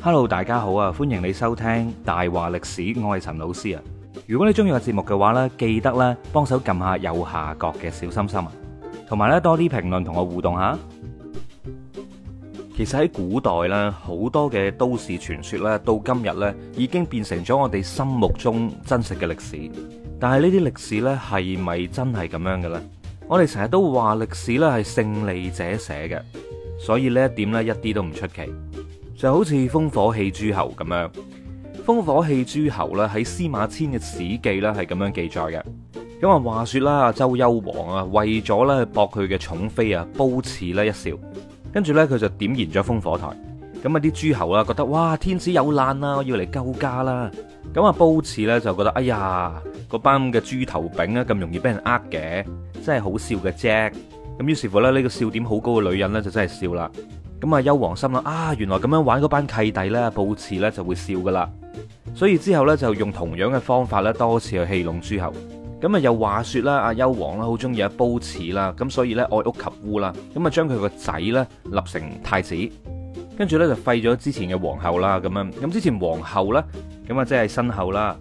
Hello，大家好啊！歡迎你收聽大話歷史，我係陳老師啊！如果你中意個節目嘅話呢，記得咧幫手撳下右下角嘅小心心啊，同埋呢多啲評論同我互動下。其實喺古代咧，好多嘅都市傳說咧，到今日呢已經變成咗我哋心目中真實嘅歷史。但係呢啲歷史咧係咪真係咁樣嘅咧？我哋成日都話歷史呢係勝利者寫嘅，所以呢一點呢，一啲都唔出奇。就好似烽火戲諸侯咁樣，烽火戲諸侯咧喺司馬遷嘅史記咧係咁樣記載嘅。咁啊話說啦，周幽王啊為咗咧博佢嘅寵妃啊褒姒呢一笑，跟住咧佢就點燃咗烽火台。咁啊啲諸侯啊覺得哇，天子有難啦，我要嚟救駕啦。咁啊褒姒咧就覺得哎呀，個班嘅豬頭餅咁容易俾人呃嘅，真係好笑嘅啫。咁於是乎咧呢個笑點好高嘅女人咧就真係笑啦。咁啊，幽王心諗啊，原來咁樣玩嗰班契弟咧，褒姒咧就會笑噶啦。所以之後咧就用同樣嘅方法咧，多次去戲弄諸侯。咁啊，又話說啦，阿幽王啦，好中意阿褒姒啦，咁所以咧愛屋及烏啦，咁啊將佢個仔咧立成太子，跟住咧就廢咗之前嘅皇后啦。咁樣咁之前皇后呢，咁啊即係身后啦。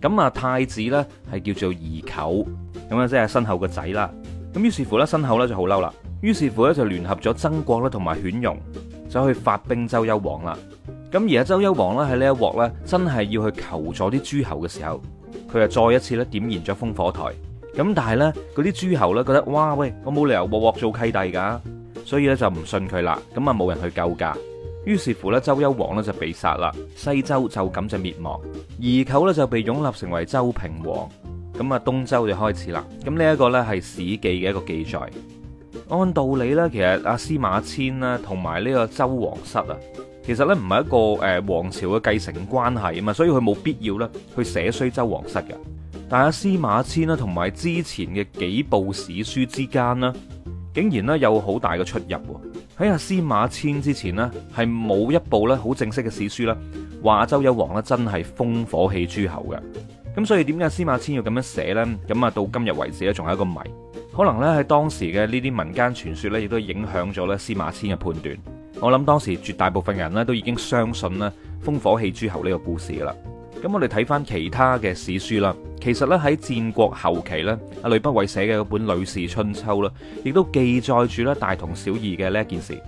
咁啊太子咧係叫做宜臼，咁啊即係身后個仔啦。咁於是乎咧，身后咧就好嬲啦。於是乎咧，就聯合咗曾國咧同埋犬戎，就去發兵周幽王啦。咁而家周幽王咧喺呢一鑊咧，真係要去求助啲諸侯嘅時候，佢就再一次咧點燃咗烽火台。咁但係咧，嗰啲諸侯咧覺得哇喂，我冇理由鑊鑊做契弟噶，所以咧就唔信佢啦。咁啊冇人去救噶。於是乎咧，周幽王咧就被殺啦。西周就咁就滅亡，宜臼咧就被擁立成為周平王。咁啊，東周就開始啦。咁呢一個咧係《史記》嘅一個記載。按道理咧，其實阿司馬遷咧同埋呢個周王室啊，其實咧唔係一個誒王朝嘅繼承關係啊嘛，所以佢冇必要咧去寫衰周王室嘅。但係阿司馬遷咧同埋之前嘅幾部史書之間咧，竟然咧有好大嘅出入。喺阿司馬遷之前呢，係冇一部咧好正式嘅史書咧話周幽王咧真係烽火戲諸侯嘅。咁所以點解司馬遷要咁樣寫呢？咁啊到今日為止咧仲有一個謎。可能咧喺當時嘅呢啲民間傳說咧，亦都影響咗咧司馬遷嘅判斷。我諗當時絕大部分人咧都已經相信咧烽火戲諸侯呢個故事㗎啦。咁我哋睇翻其他嘅史書啦，其實咧喺戰國後期咧，阿呂不韋寫嘅嗰本《呂氏春秋》啦，亦都記載住咧大同小異嘅呢一件事。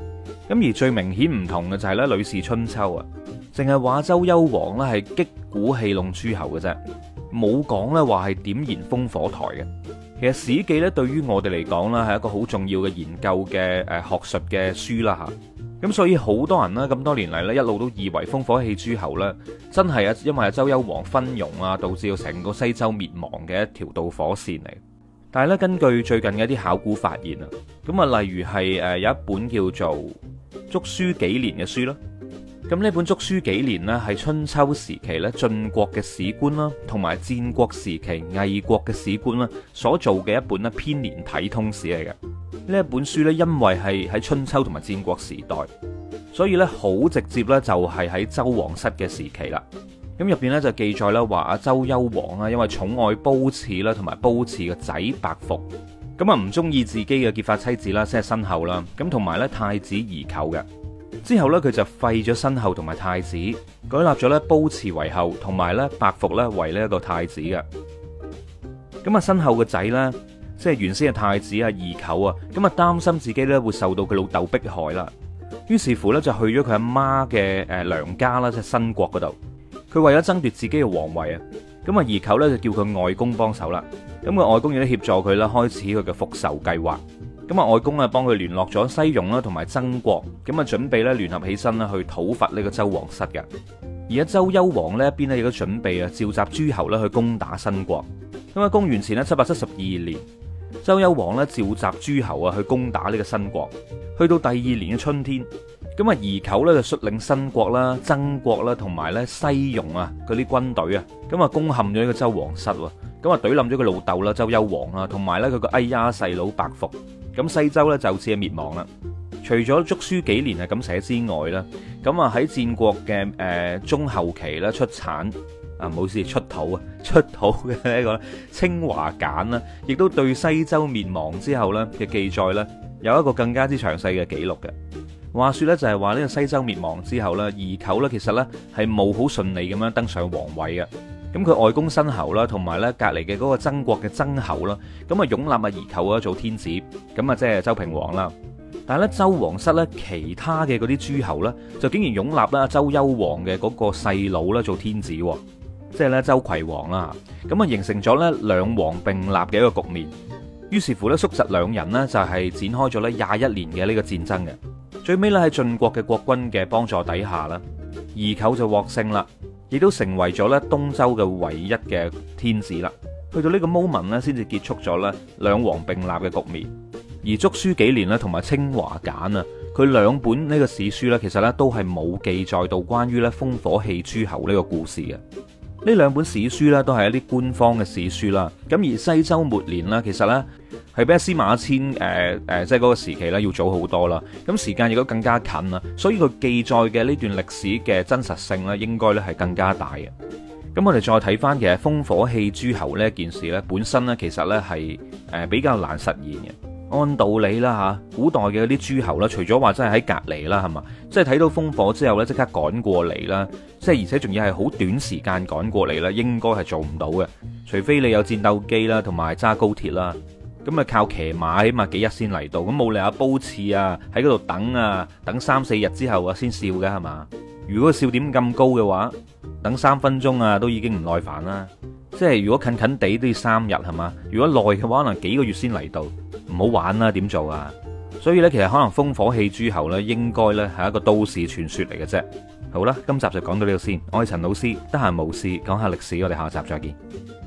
咁而最明顯唔同嘅就係咧《呂氏春秋》啊，淨係話周幽王呢係擊鼓戲弄諸侯嘅啫，冇講咧話係點燃烽火台嘅。其實史記咧對於我哋嚟講啦，係一個好重要嘅研究嘅誒學術嘅書啦吓。咁所以好多人呢，咁多年嚟呢，一路都以為烽火戲諸侯呢，真係啊，因為周幽王昏庸啊，導致到成個西周滅亡嘅一條導火線嚟。但係呢，根據最近嘅一啲考古發現啊，咁啊例如係誒有一本叫做《竹書紀年》嘅書啦。咁呢本竹書紀年呢，係春秋時期咧晉國嘅史官啦，同埋戰國時期魏國嘅史官啦，所做嘅一本編年體通史嚟嘅。呢一本書呢，因為係喺春秋同埋戰國時代，所以呢好直接呢，就係喺周王室嘅時期啦。咁入邊呢，就記載啦話，阿周幽王啦，因為寵愛褒姒啦，同埋褒姒嘅仔伯服，咁啊唔中意自己嘅結髮妻子啦，即係身后啦，咁同埋咧太子宜臼嘅。之後咧，佢就廢咗申后同埋太子，改立咗咧褒姒為后，同埋咧伯服咧為呢一個太子嘅。咁啊，申后嘅仔咧，即係原先嘅太子啊，宜臼啊，咁啊，擔心自己咧會受到佢老豆迫害啦。於是乎咧，就去咗佢阿媽嘅誒娘家啦，即係申國嗰度。佢為咗爭奪自己嘅皇位啊，咁啊，宜臼咧就叫佢外公幫手啦。咁佢外公亦都協助佢啦，開始佢嘅復仇計劃。咁啊，外公啊，幫佢聯絡咗西戎啦，同埋曾國，咁啊，準備咧聯合起身去討伐呢個周王室嘅。而周幽王呢一邊咧亦都準備啊召集諸侯咧去攻打新國。咁啊，公元前呢七百七十二年，周幽王召集諸侯啊去攻打呢個新國。去到第二年嘅春天，咁啊，宜臼咧就率領新國啦、曾國啦同埋咧西戎啊嗰啲軍隊啊，咁啊攻陷咗呢個周王室，咁啊懟冧咗佢個老豆啦，周幽王啦，同埋咧佢個哎呀細佬白服。咁西周咧就此係滅亡啦。除咗竹書紀年係咁寫之外咧，咁啊喺戰國嘅誒中後期咧出產啊，唔好意思，出土啊出土嘅呢個清華簡啦，亦都對西周滅亡之後咧嘅記載咧有一個更加之詳細嘅記錄嘅。話說咧就係話呢個西周滅亡之後咧，二舅咧其實咧係冇好順利咁樣登上皇位嘅。咁佢外公申侯啦，同埋咧隔籬嘅嗰個曾國嘅曾侯啦，咁啊擁立阿二舅啦做天子，咁啊即係周平王啦。但係咧周王室咧其他嘅嗰啲諸侯咧，就竟然擁立啦周幽王嘅嗰個細佬啦做天子，即係咧周葵王啦。咁啊形成咗咧兩王並立嘅一個局面。於是乎咧，叔侄兩人呢，就係展開咗咧廿一年嘅呢個戰爭嘅。最尾咧喺晉國嘅國君嘅幫助底下啦，二舅就獲勝啦。亦都成為咗咧東周嘅唯一嘅天子啦，去到呢個 moment 咧先至結束咗咧兩王並立嘅局面，而《竹書紀年》咧同埋《清華簡》啊，佢兩本呢個史書咧，其實咧都係冇記載到關於咧烽火戲諸侯呢個故事嘅，呢兩本史書咧都係一啲官方嘅史書啦，咁而西周末年咧，其實咧。係比司馬遷誒誒，即係嗰個時期咧，要早好多啦。咁時間亦都更加近啦，所以佢記載嘅呢段歷史嘅真實性呢，應該咧係更加大嘅。咁我哋再睇翻嘅烽火戲諸侯呢件事呢，本身呢其實呢係比較難實現嘅。按道理啦嚇，古代嘅嗰啲諸侯啦，除咗話真係喺隔離啦，係嘛，即係睇到烽火之後呢，即刻趕過嚟啦，即係而且仲要係好短時間趕過嚟啦，應該係做唔到嘅，除非你有戰鬥機啦，同埋揸高鐵啦。咁啊，靠騎馬起碼幾日先嚟到，咁冇理由褒姒啊，喺嗰度等啊，等三四日之後啊先笑噶係嘛？如果笑點咁高嘅話，等三分鐘啊都已經唔耐煩啦。即係如果近近地都要三日係嘛？如果耐嘅話，可能幾個月先嚟到，唔好玩啦，點做啊？所以呢，其實可能烽火戲諸侯呢，應該呢係一個都市傳說嚟嘅啫。好啦，今集就講到呢度先。我係陳老師，得閒無事講下歷史，我哋下集再見。